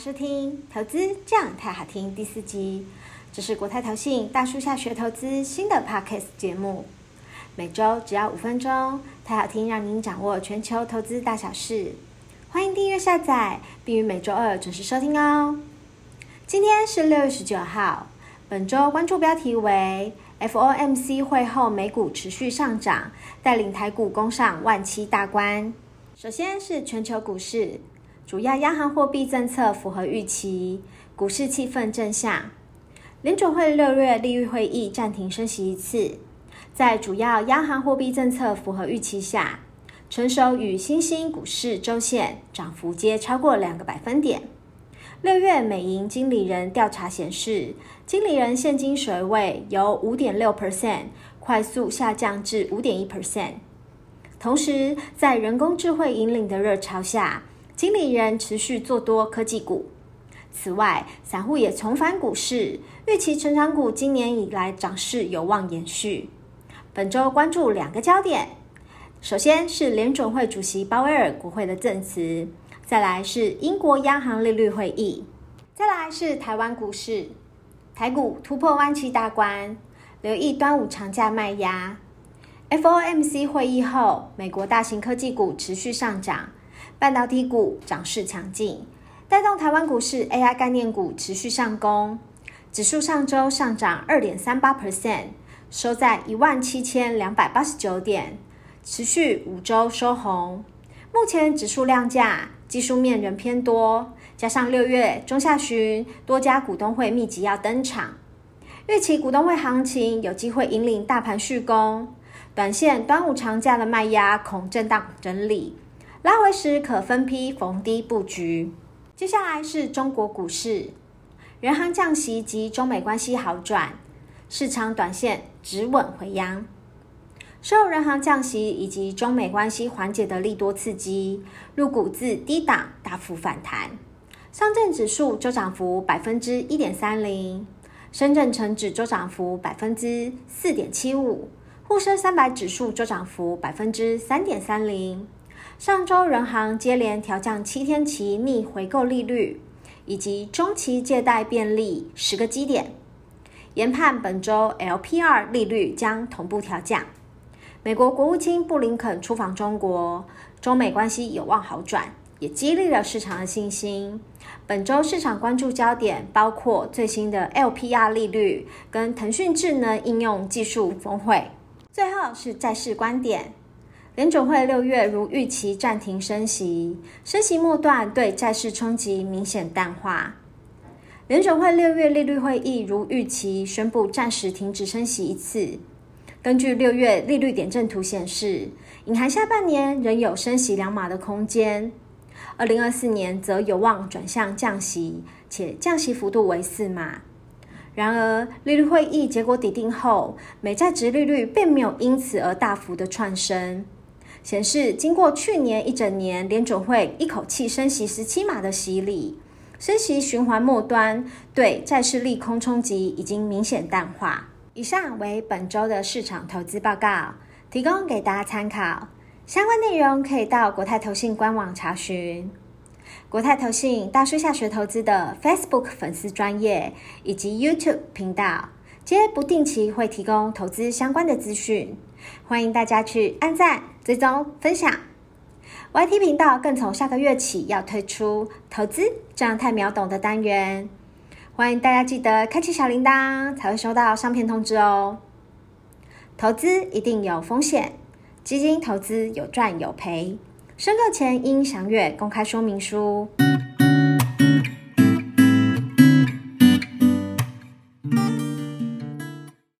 收聽投資這樣泰好聽第四集，這是國泰投信大樹下學投資新的 podcast 節目，每周只要五分鐘，泰好聽讓您掌握全球投資大小事。歡迎訂閱下載，並於每周二準時收聽哦。今天是六月十九號，本周關注標題為 FOMC 會後美股持續上漲，帶領台股攻上萬七大關。首先是全球股市。主要央行貨幣政策符合預期，股市氣氛正向。聯準會六月利率會議暫停升息一次。在主要央行貨幣政策符合預期下，成熟與新興股市周線漲幅皆超過兩個百分點。六月美銀經理人調查顯示，經理人現金水位由五點六 percent 快速下降至五點一 percent。同時，在人工智慧引領的熱潮下，經理人持續做多科技股，此外，散戶也重返股市，預期成長股今年以來漲勢有望延續。本周關注兩個焦點，首先是聯準會主席鮑威爾國會的證詞，再來是英國央行利率會議，再來是台灣股市，台股突破萬七大關，留意端午長假賣壓。FOMC 會議後，美國大型科技股持續上漲。半導體股漲勢強勁，帶動臺灣股市 AI 概念股持續上攻。指數上周上漲二點三八 percent，收在一萬七千兩百八十九點，持續五周收紅。目前指數量價技術面仍偏多，加上六月中下旬多家股東會密集要登場，預期股東會行情有機會引領大盤續攻。短線端午長假的賣壓恐震盪整理。拉回時可分批逢低布局。接下來是中國股市，人行降息及中美關係好轉，市場短線止穩回揚。受人行降息以及中美關係緩解的利多刺激，A 股自低檔大幅反彈。上證指數周漲幅百分之一點三零，深圳成指周漲幅百分之四點七五，滬深三百指數周漲幅百分之三點三零。上週，人行接連調降七天期逆回購利率以及中期借貸便利十個基點，研判本周 LPR 利率將同步調降。美國國務卿布林肯出訪中國，中美關係有望好轉，也激勵了市場的信心。本周市場關注焦點包括最新的 LPR 利率跟騰訊智能應用技術峰會。最後是債市觀點。聯準會六月如預期暫停升息，升息末段對債市衝擊明顯淡化。聯準會六月利率會議如預期宣布暫時停止升息一次。根據六月利率點陣圖顯示，隱含下半年仍有升息兩碼的空間，二零二四年則有望轉向降息，且降息幅度為四碼。然而，利率會議結果底定後，美債殖利率並沒有因此而大幅的竄升。顯示，經過去年一整年，聯準會一口氣升息十七碼的洗禮，升息循環末端對債市利空衝擊已經明顯淡化。以上為本周的市場投資報告，提供給大家參考。相關內容可以到國泰投信官網查詢，國泰投信大樹下學投資的 Facebook 粉絲專頁以及 YouTube 頻道，皆不定期會提供投資相關的資訊。歡迎大家去按讚、追蹤、分享。YT 頻道更從下個月起要推出投資，這樣泰秒懂的單元。歡迎大家記得開啟小鈴鐺，才會收到上片通知哦。投資一定有風險，基金投資有賺有賠，申購前應詳閱公開說明書。